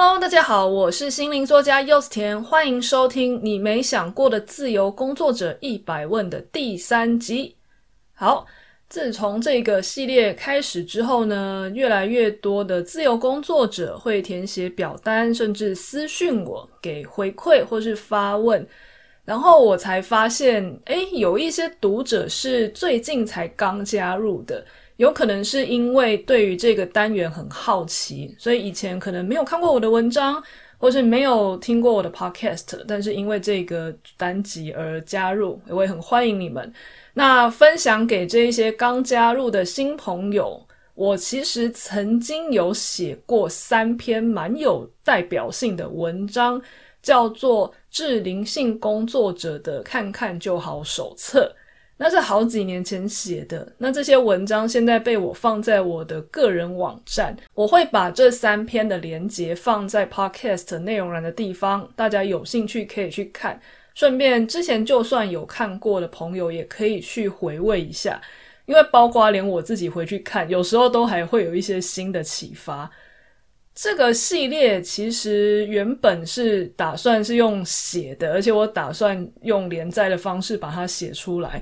Hello，大家好，我是心靈作家柚子甜，歡迎收聽《你沒想過的自由工作者一百問》的第三集。好，自從這個系列開始之後呢，越來越多的自由工作者會填寫表單，甚至私訊我，給回饋或是發問，然後我才發現，哎，有一些讀者是最近才剛加入的。有可能是因為對於這個單元很好奇，所以以前可能沒有看過我的文章，或是沒有聽過我的 podcast，但是因為這個單集而加入，我也很歡迎你們。那分享給這一些剛加入的新朋友，我其實曾經有寫過三篇蠻有代表性的文章，叫做《致靈性工作者的看看就好手冊》。那是好幾年前寫的，那這些文章現在被我放在我的個人網站，我會把這三篇的連接放在 Podcast 內容欄的地方，大家有興趣可以去看。順便，之前就算有看過的朋友，也可以去回味一下，因為包括連我自己回去看，有時候都還會有一些新的啟發。這個系列其實原本是打算是用寫的，而且我打算用連載的方式把它寫出來。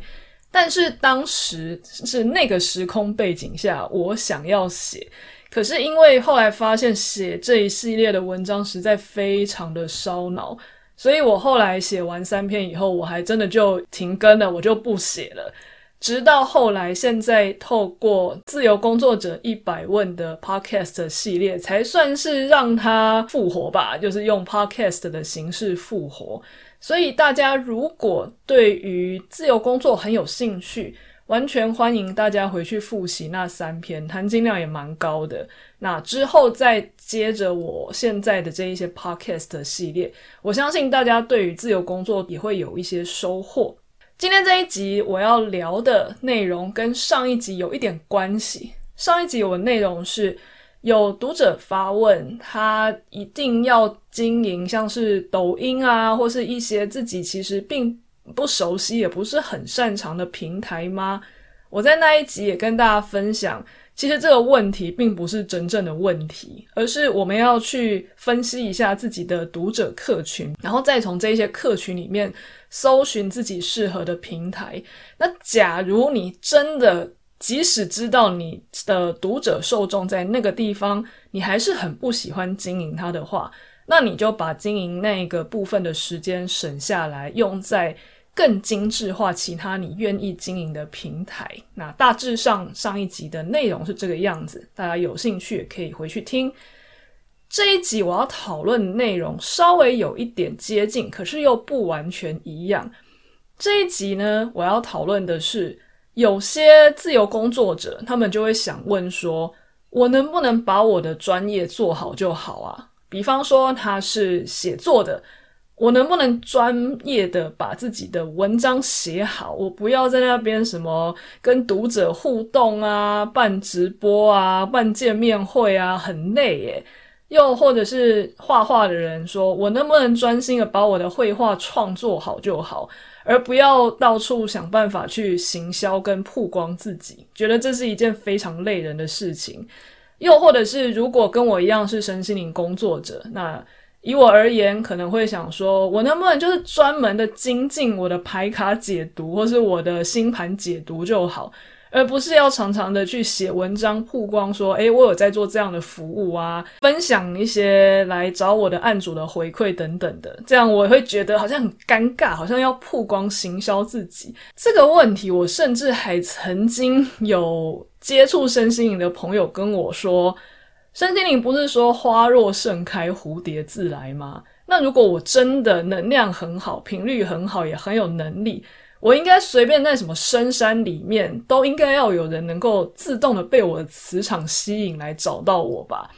但是當時是那個時空背景下，我想要寫，可是因為後來發現寫這一系列的文章實在非常的燒腦，所以我後來寫完三篇以後，我還真的就停更了，我就不寫了。直到後來，現在透過《自由工作者一百問》的 Podcast 系列，才算是讓它復活吧，就是用 Podcast 的形式復活。所以大家如果對於自由工作很有興趣，完全歡迎大家回去複習那三篇，含金量也蠻高的。那之後再接着我現在的這一些 podcast 系列，我相信大家對於自由工作也會有一些收穫。今天這一集我要聊的內容跟上一集有一點關係。上一集我的內容是。有讀者發問：他一定要經營像是抖音啊，或是一些自己其實並不熟悉、也不是很擅長的平台嗎？我在那一集也跟大家分享，其實這個問題並不是真正的問題，而是我們要去分析一下自己的讀者客群，然後再從這些客群裡面搜尋自己適合的平台。那假如你真的……即使知道你的讀者受眾在那個地方，你還是很不喜歡經營它的話，那你就把經營那個部分的時間省下來，用在更精緻化其他你願意經營的平台。那大致上上一集的內容是這個樣子，大家有興趣也可以回去聽。這一集我要討論的內容稍微有一點接近，可是又不完全一樣。這一集呢，我要討論的是。有些自由工作者，他們就會想問說：“我能不能把我的專業做好就好啊？”比方說他是寫作的，我能不能專業的把自己的文章寫好？我不要在那邊什麼跟讀者互動啊，辦直播啊，辦見面會啊，很累耶。又或者是畫畫的人說：“我能不能專心的把我的繪畫創作好就好？”而不要到處想辦法去行銷跟曝光自己，覺得這是一件非常累人的事情。又或者是，如果跟我一樣是身心靈工作者，那以我而言，可能會想說，我能不能就是專門的精進我的牌卡解讀，或是我的星盤解讀就好。而不是要常常的去寫文章曝光，說，誒，我有在做這樣的服務啊，分享一些來找我的案主的回饋等等的，這樣我會覺得好像很尷尬，好像要曝光行銷自己。這個問題，我甚至還曾經有接觸身心靈的朋友跟我說，身心靈不是說花若盛開，蝴蝶自來嗎？那如果我真的能量很好，頻率很好，也很有能力，我應該隨便在什麼深山裡面，都應該要有人能夠自動的被我的磁場吸引來找到我吧？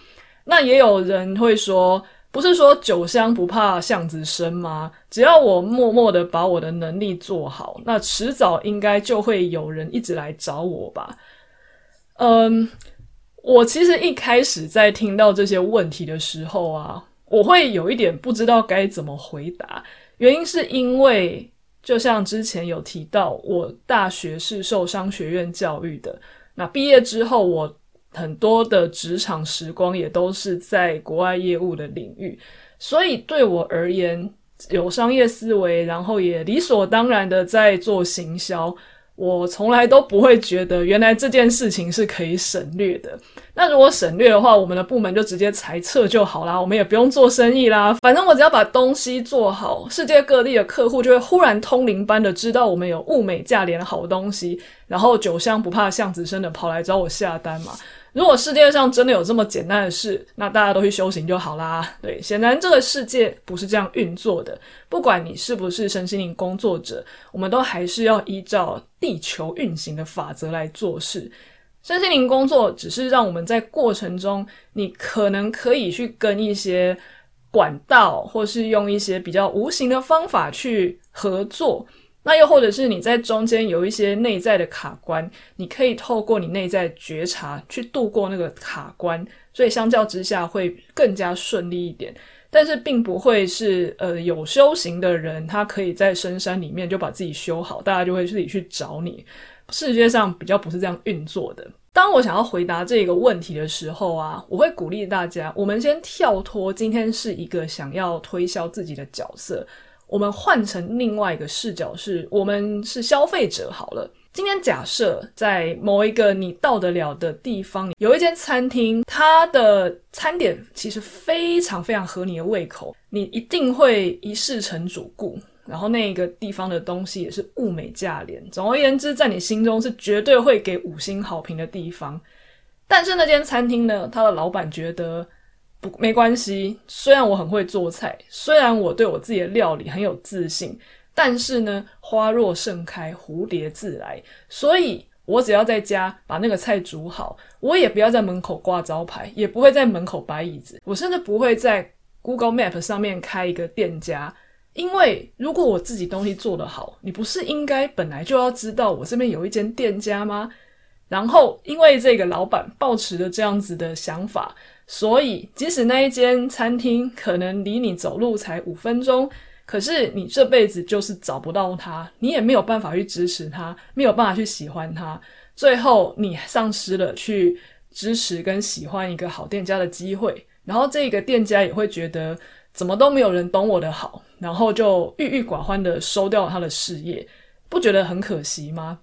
那也有人會說，不是說酒香不怕巷子深嗎？只要我默默的把我的能力做好，那遲早應該就會有人一直來找我吧？嗯，我其實一開始在聽到這些問題的時候啊，我會有一點不知道該怎麼回答，原因是因為。就像之前有提到，我大學是受商學院教育的。那畢業之後，我很多的職場時光也都是在國外業務的領域，所以對我而言，有商業思維，然後也理所當然的在做行銷。我從來都不會覺得原來這件事情是可以省略的。那如果省略的話，我們的部門就直接裁撤就好啦，我們也不用做生意啦。反正我只要把東西做好，世界各地的客戶就會忽然通靈般的知道我們有物美價廉的好東西，然後酒香不怕巷子深的跑來找我下單嘛。如果世界上真的有這麼簡單的事，那大家都去修行就好啦。對，顯然這個世界不是這樣運作的。不管你是不是身心靈工作者，我們都還是要依照地球運行的法則來做事。身心靈工作只是讓我們在過程中，你可能可以去跟一些管道，或是用一些比較無形的方法去合作，那又或者是你在中間有一些內在的卡關，你可以透過你內在覺察去度過那個卡關，所以相較之下會更加順利一點。但是並不會是呃有修行的人，他可以在深山裡面就把自己修好，大家就會自己去找你。世界上比較不是這樣運作的。當我想要回答這個問題的時候啊，我會鼓勵大家，我們先跳脫今天是一個想要推銷自己的角色。我們換成另外一個視角是，是我們是消費者好了。今天假設在某一個你到得了的地方，有一間餐廳，它的餐點其實非常非常合你的胃口，你一定會一試成主顧。然後那一個地方的東西也是物美價廉，總而言之，在你心中是絕對會給五星好評的地方。但是那間餐廳呢，它的老闆覺得。不，沒關係。雖然我很會做菜，雖然我對我自己的料理很有自信，但是呢，花若盛開，蝴蝶自來。所以我只要在家把那個菜煮好，我也不要在門口掛招牌，也不會在門口擺椅子，我甚至不會在 Google Map 上面開一個店家。因為如果我自己東西做得好，你不是應該本來就要知道我這邊有一間店家嗎？然後，因為這個老闆抱持着這樣子的想法。所以，即使那一間餐廳可能離你走路才五分鐘，可是你這輩子就是找不到它，你也沒有辦法去支持它，沒有辦法去喜歡它，最後你喪失了去支持跟喜歡一個好店家的機會，然後這個店家也會覺得怎麼都沒有人懂我的好，然後就鬱鬱寡歡的收掉了他的事業，不覺得很可惜嗎？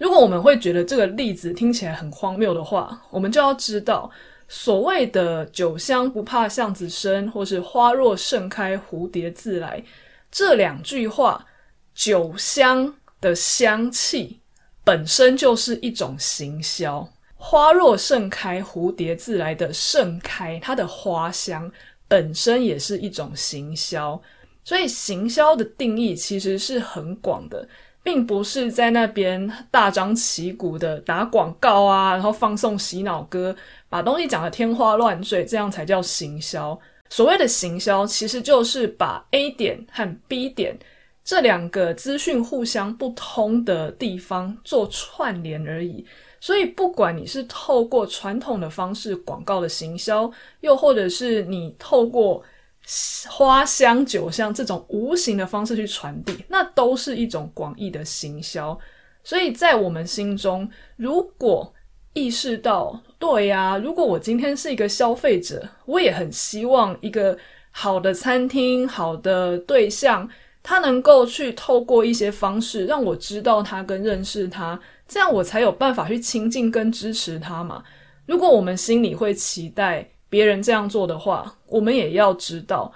如果我們會覺得這個例子聽起來很荒謬的話，我們就要知道，所謂的“酒香不怕巷子深”或是“花若盛開，蝴蝶自來”這兩句話，酒香的香氣本身就是一種行銷；“花若盛開，蝴蝶自來”的盛開，它的花香本身也是一種行銷。所以，行銷的定義其實是很廣的，並不是在那邊大張旗鼓的打廣告啊，然後放送洗腦歌。把、啊、東西講得天花亂墜，這樣才叫行銷。所謂的行銷，其實就是把 A 點和 B 點這兩個資訊互相不通的地方做串聯而已。所以，不管你是透過傳統的方式廣告的行銷，又或者是你透過花香酒香這種無形的方式去傳遞，那都是一種廣義的行銷。所以在我們心中，如果意識到，對呀，如果我今天是一個消費者，我也很希望一個好的餐廳、好的對象，他能夠去透過一些方式讓我知道他跟認識他，這樣我才有辦法去親近跟支持他嘛。如果我們心裡會期待別人這樣做的話，我們也要知道，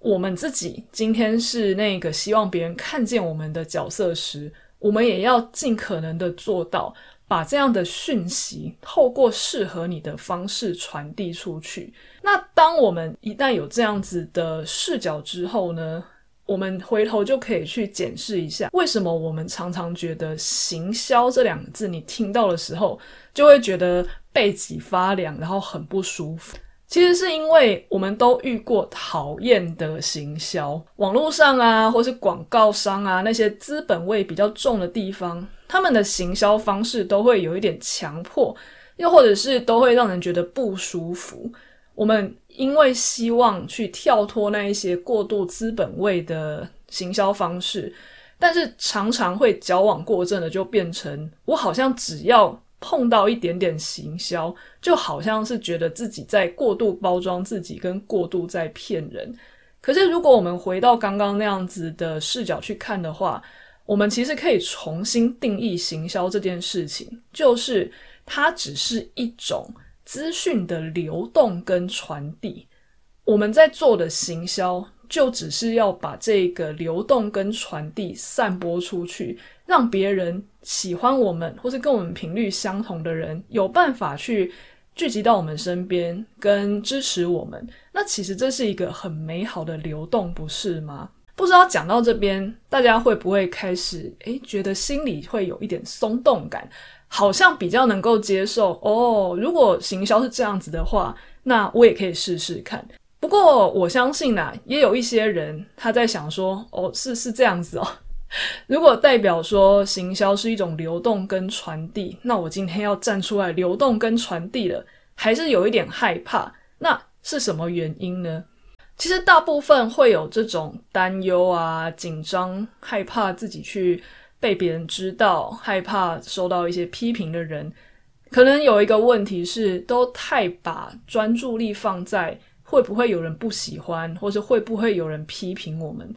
我們自己今天是那個希望別人看見我們的角色時，我們也要盡可能的做到。把這樣的訊息透過適合你的方式傳遞出去。那當我們一旦有這樣子的視角之後呢，我們回頭就可以去檢視一下，為什麼我們常常覺得“行銷”這兩個字，你聽到的時候就會覺得背脊發涼，然後很不舒服。其實是因為我們都遇過討厭的行銷，網絡上啊，或是廣告商啊，那些資本味比較重的地方。他們的行銷方式都會有一點強迫，又或者是都會讓人覺得不舒服。我們因為希望去跳脫那一些過度資本位的行銷方式，但是常常會矯枉過正的，就變成我好像只要碰到一點點行銷，就好像是覺得自己在過度包裝自己，跟過度在騙人。可是如果我們回到剛剛那樣子的視角去看的話，我們其實可以重新定義行銷這件事情，就是它只是一種資訊的流動跟傳遞。我們在做的行銷，就只是要把這個流動跟傳遞散播出去，讓別人喜歡我們，或是跟我們頻率相同的人有辦法去聚集到我們身邊，跟支持我們。那其實這是一個很美好的流動，不是嗎？不知道講到這邊，大家會不會開始，誒，覺得心裡會有一點鬆動感，好像比較能夠接受哦。如果行銷是這樣子的話，那我也可以試試看。不過我相信啦，也有一些人他在想說，哦，是是這樣子哦。 如果代表說行銷是一種流動跟傳遞，那我今天要站出來流動跟傳遞了，還是有一點害怕。那是什麼原因呢？其實大部分會有這種擔憂啊、緊張、害怕自己去被別人知道，害怕受到一些批評的人，可能有一個問題是，都太把專注力放在會不會有人不喜歡，或是會不會有人批評我們。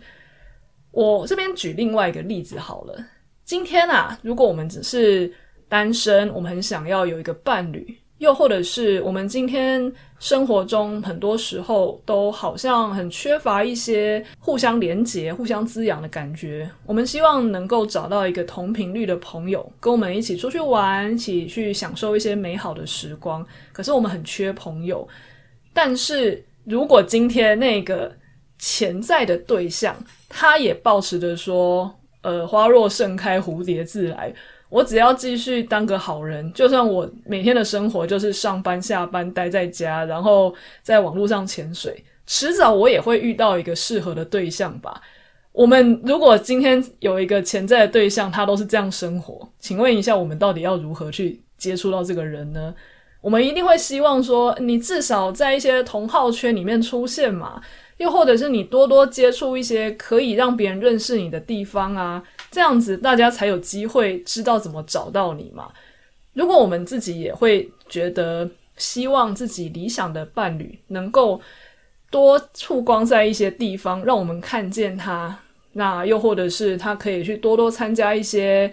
我這邊舉另外一個例子好了，今天啊，如果我們只是單身，我們很想要有一個伴侶。又或者是我們今天生活中很多時候都好像很缺乏一些互相連接、互相滋養的感覺。我們希望能夠找到一個同頻率的朋友，跟我們一起出去玩，一起去享受一些美好的時光。可是我們很缺朋友。但是如果今天那個潛在的對象，他也抱持著說：“呃，花若盛開，蝴蝶自來。”我只要繼續當個好人，就算我每天的生活就是上班、下班、待在家，然後在網絡上潛水，遲早我也會遇到一個適合的對象吧。我們如果今天有一個潛在的對象，他都是這樣生活，請問一下，我們到底要如何去接觸到這個人呢？我們一定會希望說，你至少在一些同好圈裡面出現嘛，又或者是你多多接觸一些可以讓別人認識你的地方啊。這樣子，大家才有機會知道怎麼找到你嘛。如果我們自己也會覺得，希望自己理想的伴侶能夠多曝光在一些地方，讓我們看見他。那又或者是他可以去多多參加一些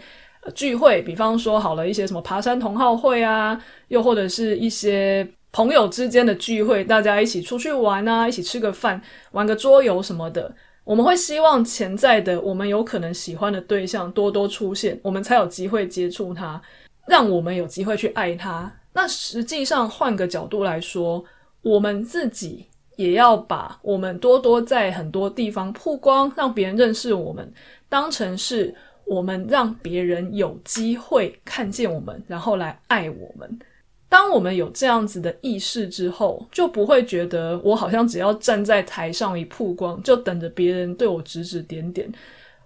聚會，比方說好了，一些什麼爬山同好會啊，又或者是一些朋友之間的聚會，大家一起出去玩啊，一起吃個飯，玩個桌遊什麼的。我們會希望潛在的我們有可能喜歡的對象多多出現，我們才有機會接觸他，讓我們有機會去愛他。那實際上換個角度來說，我們自己也要把我們多多在很多地方曝光，讓別人認識我們，當成是我們讓別人有機會看見我們，然後來愛我們。當我們有這樣子的意識之後，就不會覺得我好像只要站在台上一曝光，就等着別人對我指指點點。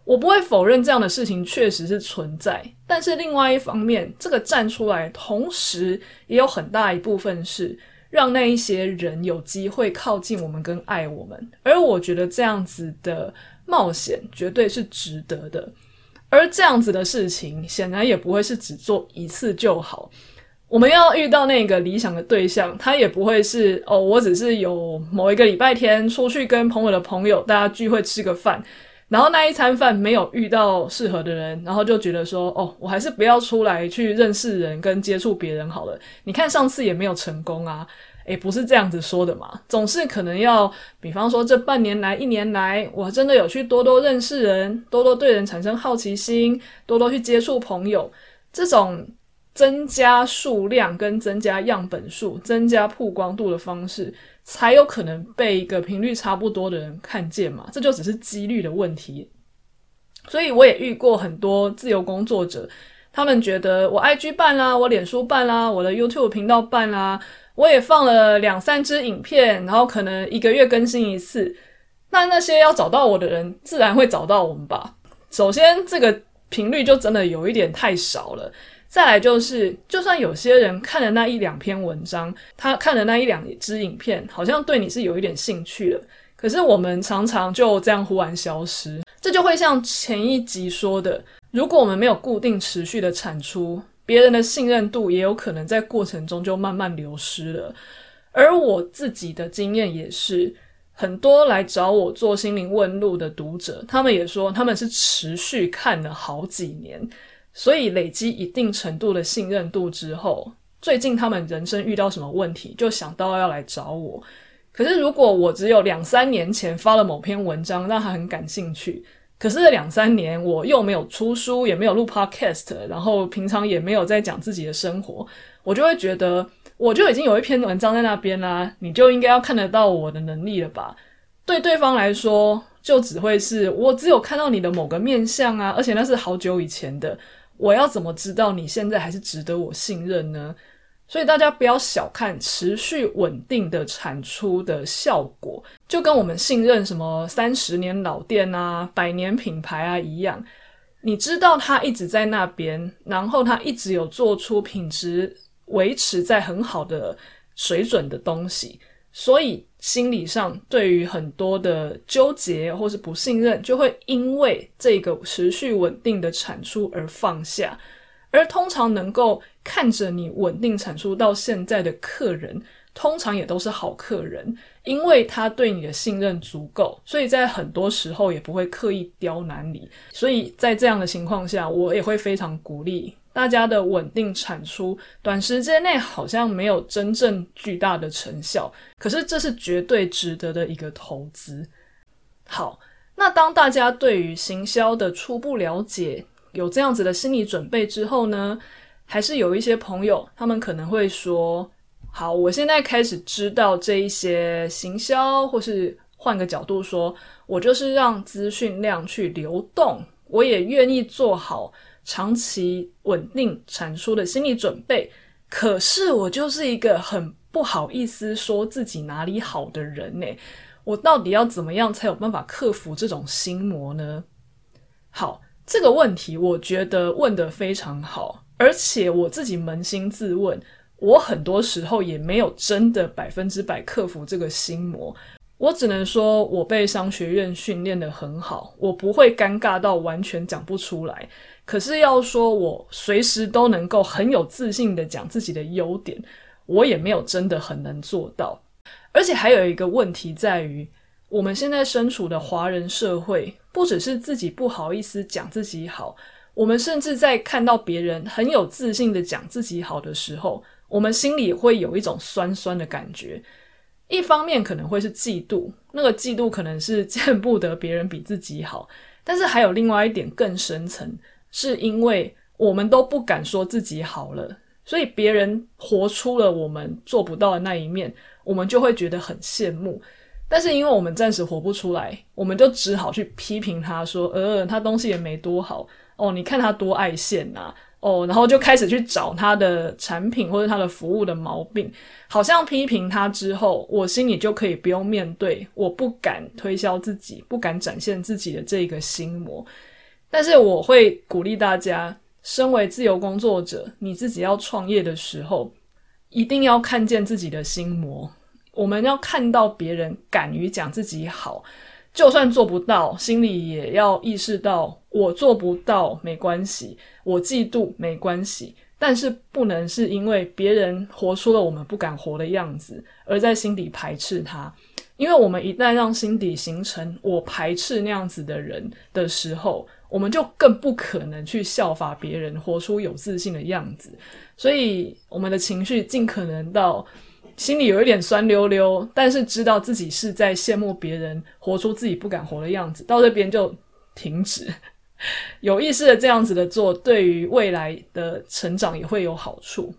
我不會否認這樣的事情確實是存在，但是另外一方面，這個站出來，同時也有很大一部分是讓那一些人有機會靠近我們跟愛我們。而我覺得這樣子的冒險絕對是值得的，而這樣子的事情顯然也不會是只做一次就好。我們要遇到那個理想的對象，他也不會是哦，我只是有某一個禮拜天出去跟朋友的朋友大家聚會吃個飯，然後那一餐飯沒有遇到適合的人，然後就覺得說哦，我還是不要出來去認識人跟接觸別人好了。你看上次也沒有成功啊，欸，不是這樣子說的嘛，總是可能要比方說這半年來一年來，我真的有去多多認識人，多多對人產生好奇心，多多去接觸朋友這種。增加數量跟增加樣本數、增加曝光度的方式，才有可能被一個頻率差不多的人看見嘛？這就只是幾率的問題。所以我也遇過很多自由工作者，他們覺得我 IG 辦啦、啊，我臉書辦啦、啊，我的 YouTube 頻道辦啦、啊，我也放了兩三支影片，然後可能一個月更新一次。那那些要找到我的人，自然會找到我們吧？首先，這個頻率就真的有一點太少了。再來就是，就算有些人看了那一兩篇文章，他看了那一兩支影片，好像對你是有一點興趣了。可是我們常常就這樣忽然消失，這就會像前一集說的，如果我們沒有固定持續的產出，別人的信任度也有可能在過程中就慢慢流失了。而我自己的經驗也是，很多來找我做心靈問路的讀者，他們也說他們是持續看了好幾年。所以累積一定程度的信任度之後，最近他們人生遇到什麼問題，就想到要來找我。可是如果我只有兩三年前發了某篇文章讓他很感興趣，可是兩三年我又沒有出書，也沒有錄 podcast，然後平常也沒有在講自己的生活，我就會覺得我就已經有一篇文章在那邊啦，你就應該要看得到我的能力了吧？對對方來說，就只會是我只有看到你的某個面相啊，而且那是好久以前的。我要怎麼知道你現在還是值得我信任呢？所以大家不要小看持續穩定的產出的效果，就跟我們信任什麼三十年老店啊、百年品牌啊一樣，你知道它一直在那邊，然後它一直有做出品質維持在很好的水準的東西，所以。心理上對於很多的糾結或是不信任，就會因為這個持續穩定的產出而放下。而通常能夠看着你穩定產出到現在的客人，通常也都是好客人，因為他對你的信任足夠，所以在很多時候也不會刻意刁難你。所以在這樣的情況下，我也會非常鼓勵。大家的穩定產出，短時間內好像沒有真正巨大的成效，可是這是絕對值得的一個投資。好，那當大家對於行銷的初步了解，有這樣子的心理準備之後呢，還是有一些朋友，他們可能會說：好，我現在開始知道這一些行銷，或是換個角度說，我就是讓資訊量去流動，我也願意做好。長期穩定產出的心理準備，可是我就是一個很不好意思說自己哪裡好的人呢？我到底要怎麼樣才有辦法克服這種心魔呢？好，這個問題我覺得問得非常好，而且我自己捫心自問，我很多時候也沒有真的百分之百克服這個心魔。我只能說，我被商學院訓練得很好，我不會尷尬到完全講不出來。可是要說，我隨時都能夠很有自信地講自己的優點，我也沒有真的很能做到。而且還有一個問題在於，我們現在身處的華人社會，不只是自己不好意思講自己好，我們甚至在看到別人很有自信地講自己好的時候，我們心裡會有一種酸酸的感覺。一方面可能會是嫉妒，那個嫉妒可能是見不得別人比自己好，但是還有另外一點更深層，是因為我們都不敢說自己好了，所以別人活出了我們做不到的那一面，我們就會覺得很羨慕。但是因為我們暫時活不出來，我們就只好去批評他說：“呃，他東西也沒多好哦，你看他多愛現吶啊。”哦，然後就開始去找他的產品或者他的服務的毛病，好像批評他之後，我心裡就可以不用面對，我不敢推銷自己，不敢展現自己的這個心魔。但是我會鼓勵大家，身為自由工作者，你自己要創業的時候，一定要看見自己的心魔。我們要看到別人敢於講自己好，就算做不到，心裡也要意識到。我做不到沒關係，我嫉妒沒關係，但是不能是因為別人活出了我們不敢活的樣子，而在心底排斥他，因為我們一旦讓心底形成我排斥那樣子的人的時候，我們就更不可能去效法別人活出有自信的樣子。所以，我們的情緒盡可能到心裡有一點酸溜溜，但是知道自己是在羨慕別人活出自己不敢活的樣子，到這邊就停止。有意識的這樣子的做，對於未來的成長也會有好處。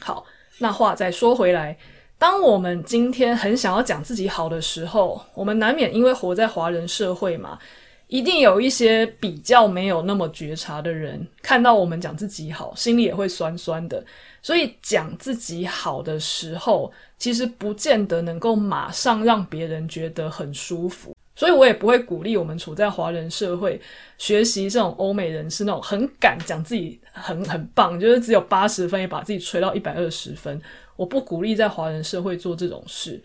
好，那話再說回來，當我們今天很想要講自己好的時候，我們難免因為活在華人社會嘛，一定有一些比較沒有那麼覺察的人，看到我們講自己好，心裡也會酸酸的。所以講自己好的時候，其實不見得能夠馬上讓別人覺得很舒服。所以我也不會鼓勵我們處在華人社會學習這種歐美人士，那種很敢講自己很很棒，就是只有八十分也把自己吹到一百二十分。我不鼓勵在華人社會做這種事。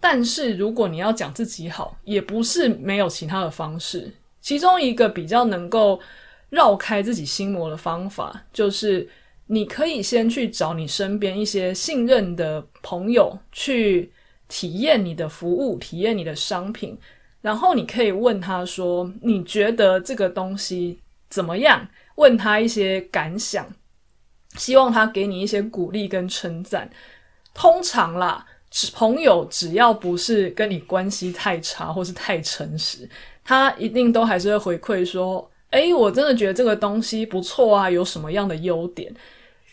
但是如果你要講自己好，也不是沒有其他的方式。其中一個比較能夠繞開自己心魔的方法，就是你可以先去找你身邊一些信任的朋友去體驗你的服務，體驗你的商品。然後你可以問他說：“你覺得這個東西怎麼樣？”問他一些感想，希望他給你一些鼓勵跟稱讚。通常啦，朋友只要不是跟你關係太差或是太誠實，他一定都還是會回饋說：“誒，我真的覺得這個東西不錯啊，有什麼樣的優點？”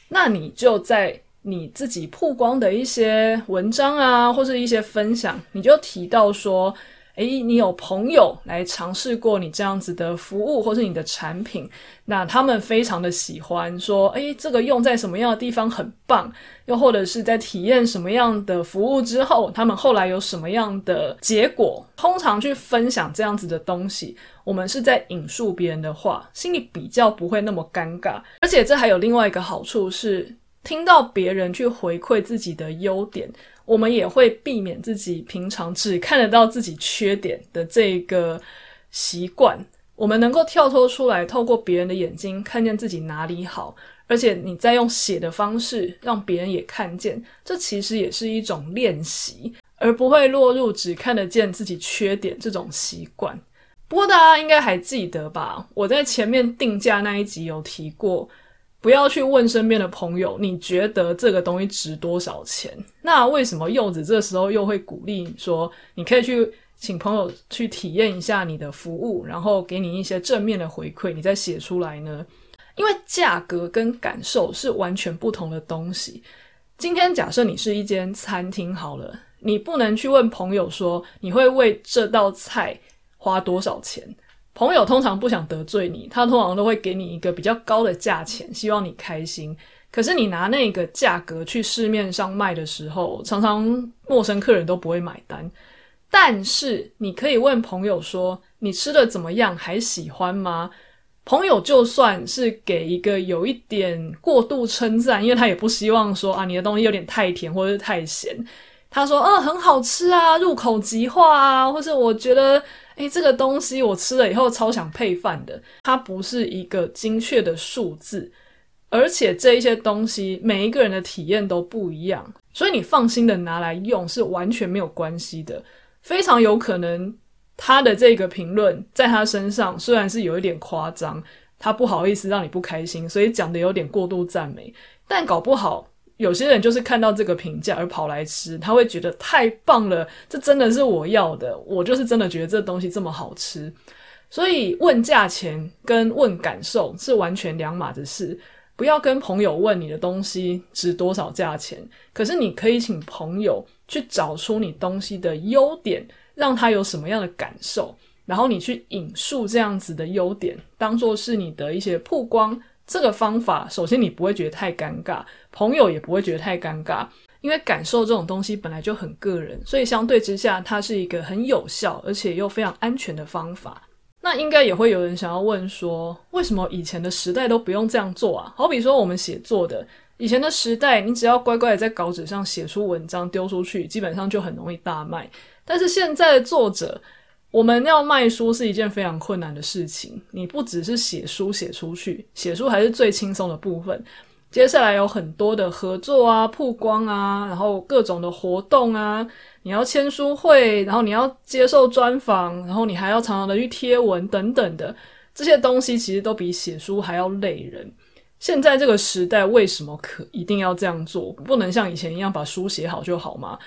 那你就在你自己曝光的一些文章啊，或是一些分享，你就提到說，誒，你有朋友來嘗試過你這樣子的服務，或是你的產品，那他們非常的喜歡說，說誒，這個用在什麼樣的地方很棒，又或者是在體驗什麼樣的服務之後，他們後來有什麼樣的結果。通常去分享這樣子的東西，我們是在引述別人的話，心裡比較不會那麼尷尬，而且這還有另外一個好處是，聽到別人去回饋自己的優點。我們也會避免自己平常只看得到自己缺點的這個習慣。我們能夠跳脫出來，透過別人的眼睛看見自己哪裡好，而且你再用寫的方式讓別人也看見，這其實也是一種練習，而不會落入只看得見自己缺點這種習慣。不過大家應該還記得吧？我在前面定價那一集有提過。不要去問身邊的朋友，你覺得這個東西值多少錢？那為什麼柚子這時候又會鼓勵你說，你可以去請朋友去體驗一下你的服務，然後給你一些正面的回饋，你再寫出來呢？因為價格跟感受是完全不同的東西。今天假設你是一間餐廳好了，你不能去問朋友說，你會為這道菜花多少錢。朋友通常不想得罪你，他通常都會給你一個比較高的價錢，希望你開心。可是你拿那個價格去市面上賣的時候，常常陌生客人都不會買單。但是你可以問朋友說：“你吃的怎麼樣？還喜歡嗎？”朋友就算是給一個有一點過度稱讚，因為他也不希望說啊，你的東西有點太甜或者太鹹。他說：“嗯、呃，很好吃啊，入口即化啊，或是我覺得。”誒、欸，這個東西我吃了以後超想配飯的。它不是一個精確的數字，而且這一些東西每一個人的體驗都不一樣，所以你放心的拿來用是完全沒有關係的。非常有可能他的這個評論在他身上雖然是有一點誇張，他不好意思讓你不開心，所以講得有點過度讚美，但搞不好。有些人就是看到這個評價而跑來吃，他會覺得太棒了，這真的是我要的，我就是真的覺得這東西這麼好吃。所以問價錢跟問感受是完全兩碼子事。不要跟朋友問你的東西值多少價錢，可是你可以請朋友去找出你東西的優點，讓他有什麼樣的感受，然後你去引述這樣子的優點，當做是你的一些曝光。這個方法，首先你不會覺得太尷尬，朋友也不會覺得太尷尬，因為感受這種東西本來就很個人，所以相對之下，它是一個很有效而且又非常安全的方法。那應該也會有人想要問說，為什麼以前的時代都不用這樣做啊？好比說我們寫作的以前的時代，你只要乖乖的在稿紙上寫出文章，丟出去，基本上就很容易大賣。但是現在的作者，我們要賣書是一件非常困難的事情。你不只是寫書寫出去，寫書還是最輕鬆的部分。接下來有很多的合作啊、曝光啊，然後各種的活動啊，你要簽書會，然後你要接受專訪，然後你還要常常的去貼文等等的這些東西，其實都比寫書還要累人。現在這個時代，為什麼可一定要這樣做？不能像以前一樣把書寫好就好嗎？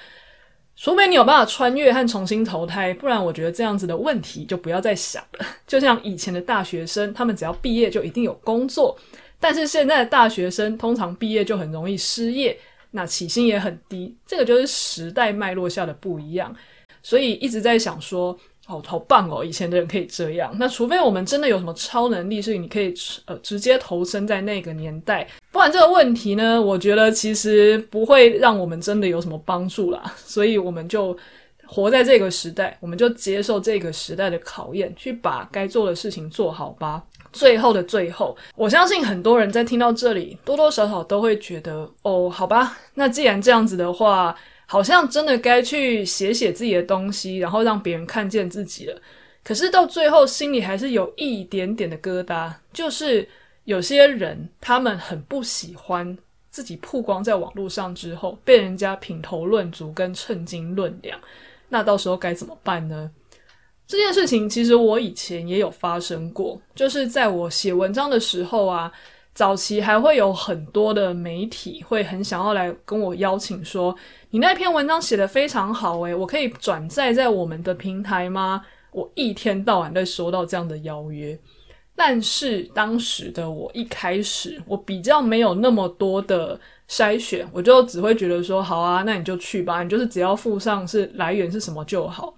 除非你有辦法穿越和重新投胎，不然我覺得這樣子的問題就不要再想了。 就像以前的大學生，他們只要畢業就一定有工作，但是現在的大學生通常畢業就很容易失業，那起薪也很低。這個就是時代脈絡下的不一樣，所以一直在想說。好、哦、好棒哦！以前的人可以這樣，那除非我們真的有什麼超能力，所以你可以呃直接投身在那個年代。不然這個問題呢，我覺得其實不會讓我們真的有什麼幫助啦。所以我們就活在這個時代，我們就接受這個時代的考驗，去把該做的事情做好吧。最後的最後，我相信很多人在聽到這裡，多多少少都會覺得哦，好吧，那既然這樣子的話。好像真的該去寫寫自己的東西，然後讓別人看見自己了。可是到最後，心裡還是有一點點的疙瘩，就是有些人他們很不喜歡自己曝光在網絡上之後，被人家品頭論足跟稱斤論兩。那到時候該怎麼辦呢？這件事情其實我以前也有發生過，就是在我寫文章的時候啊。早期還會有很多的媒體會很想要來跟我邀請說，說你那篇文章寫的非常好、欸，哎，我可以轉載在我們的平台嗎？我一天到晚在收到這樣的邀約，但是當時的我一開始我比較沒有那麼多的篩選，我就只會覺得說好啊，那你就去吧，你就是只要附上是來源是什麼就好。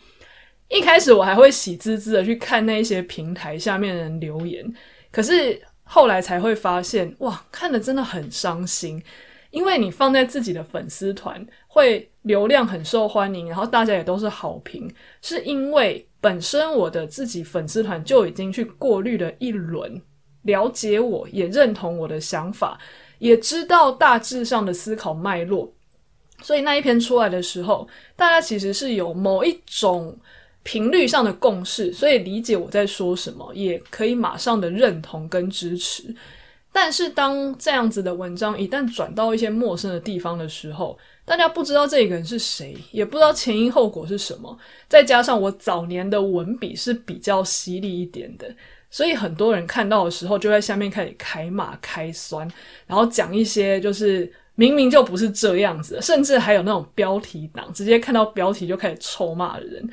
一開始我還會喜滋滋的去看那一些平台下面的人留言，可是。後來才會發現，哇，看得真的很傷心，因為你放在自己的粉絲團，會流量很受歡迎，然後大家也都是好評，是因為本身我的自己粉絲團就已經去過濾了一輪，了解我也認同我的想法，也知道大致上的思考脈絡，所以那一篇出來的時候，大家其實是有某一種。頻率上的共識，所以理解我在說什麼，也可以馬上的認同跟支持。但是，當這樣子的文章一旦轉到一些陌生的地方的時候，大家不知道這個人是誰，也不知道前因後果是什麼。再加上我早年的文筆是比較犀利一點的，所以很多人看到的時候，就在下面開始開罵、開酸，然後講一些就是明明就不是這樣子，甚至還有那種標題黨，直接看到標題就開始臭罵的人。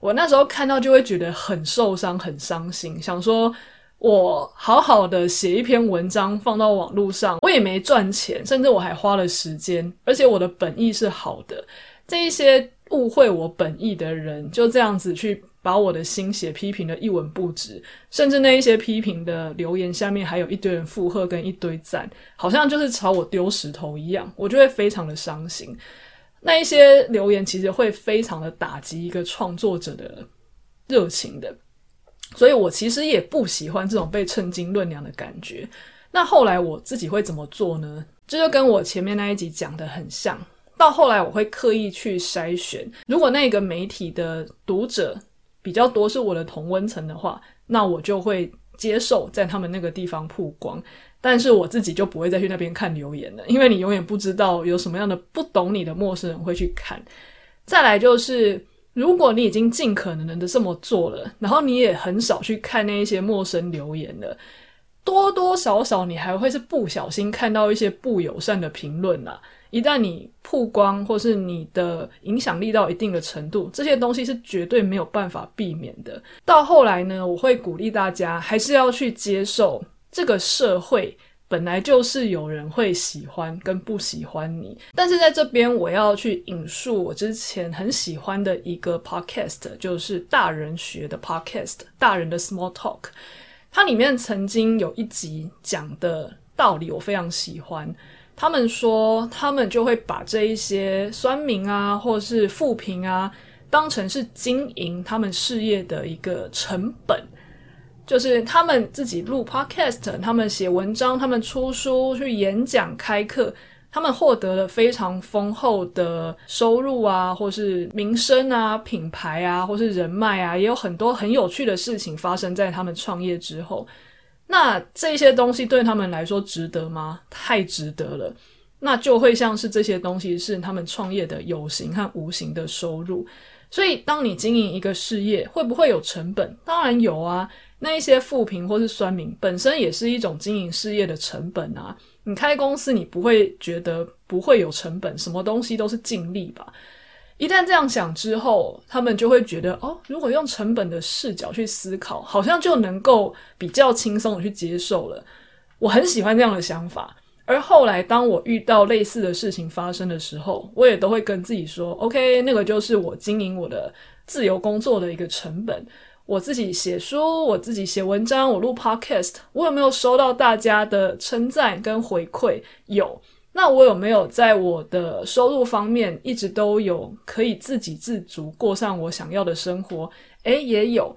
我那時候看到就會覺得很受傷、很傷心，想說：我好好的寫一篇文章放到網絡上，我也沒賺錢，甚至我還花了時間，而且我的本意是好的。這一些誤會我本意的人，就這樣子去把我的心血批評的一文不值，甚至那一些批評的留言下面還有一堆人附和跟一堆讚，好像就是朝我丟石頭一樣，我就會非常的傷心。那一些留言其實會非常的打擊一個創作者的熱情的，所以我其實也不喜歡這種被稱斤論兩的感覺。那後來我自己會怎麼做呢？這就跟我前面那一集講的很像，到後來我會刻意去篩選，如果那個媒體的讀者比較多是我的同溫層的話，那我就會接受在他們那個地方曝光。但是我自己就不會再去那邊看留言了，因為你永遠不知道有什麼樣的不懂你的陌生人會去看。再來就是，如果你已經盡可能的這麼做了，然後你也很少去看那一些陌生留言了，多多少少你還會是不小心看到一些不友善的評論啦。一旦你曝光或是你的影響力到一定的程度，這些東西是絕對沒有辦法避免的。到後來呢，我會鼓勵大家還是要去接受。這個社會本來就是有人會喜歡跟不喜歡你，但是在這邊我要去引述我之前很喜歡的一個 podcast，就是大人學的 podcast，大人的 small talk。它裡面曾經有一集講的道理我非常喜歡，他們說他們就會把這一些酸民啊，或是負評啊，當成是經營他們事業的一個成本。就是他們自己錄 podcast，他們寫文章，他們出書去演講開課，他們獲得了非常豐厚的收入啊，或是名聲啊、品牌啊，或是人脈啊，也有很多很有趣的事情發生在他們創業之後。那這些東西對他們來說值得嗎？太值得了。那就會像是這些東西是他們創業的有形和無形的收入。所以，當你經營一個事業，會不會有成本？當然有啊。那一些負評或是酸民本身也是一種經營事業的成本啊，你開公司你不會覺得不會有成本，什麼東西都是淨利吧。一旦這樣想之後，他們就會覺得哦，如果用成本的視角去思考，好像就能夠比較輕鬆的去接受了。我很喜歡這樣的想法，而後來當我遇到類似的事情發生的時候，我也都會跟自己說，OK，那個就是我經營我的自由工作的一個成本。我自己寫書，我自己寫文章，我錄 podcast，我有沒有收到大家的稱讚跟回饋？有。那我有沒有在我的收入方面一直都有可以自給自足，過上我想要的生活？誒，也有。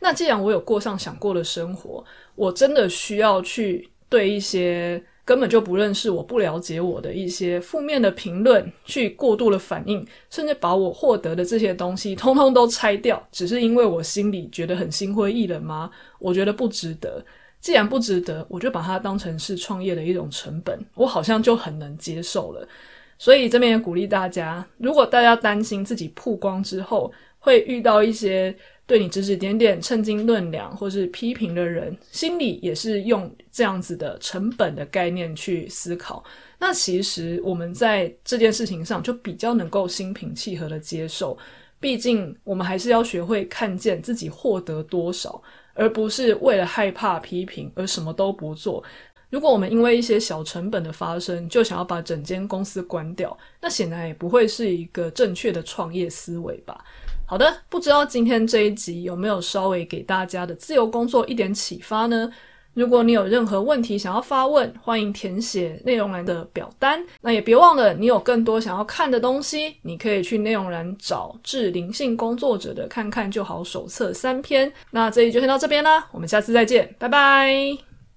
那既然我有過上想過的生活，我真的需要去對一些。根本就不認識我，不了解我的一些負面的評論，去過度的反應，甚至把我獲得的這些東西通通都拆掉，只是因為我心裡覺得很心灰意冷嗎？我覺得不值得。既然不值得，我就把它當成是創業的一種成本，我好像就很能接受了。所以這邊也鼓勵大家，如果大家擔心自己曝光之後會遇到一些。對你指指點點、稱斤論兩，或是批評的人，心裡也是用這樣子的成本的概念去思考。那其實我們在這件事情上就比較能夠心平氣和的接受。畢竟我們還是要學會看見自己獲得多少，而不是為了害怕批評而什麼都不做。如果我們因為一些小成本的發生就想要把整間公司關掉，那顯然也不會是一個正確的創業思維吧。好的，不知道今天這一集有沒有稍微給大家的自由工作一點啟發呢？如果你有任何問題想要發問，歡迎填寫內容欄的表單。那也別忘了，你有更多想要看的東西，你可以去內容欄找致靈性工作者的看看就好手冊三篇。那這裡就先到這邊啦，我們下次再見，拜拜。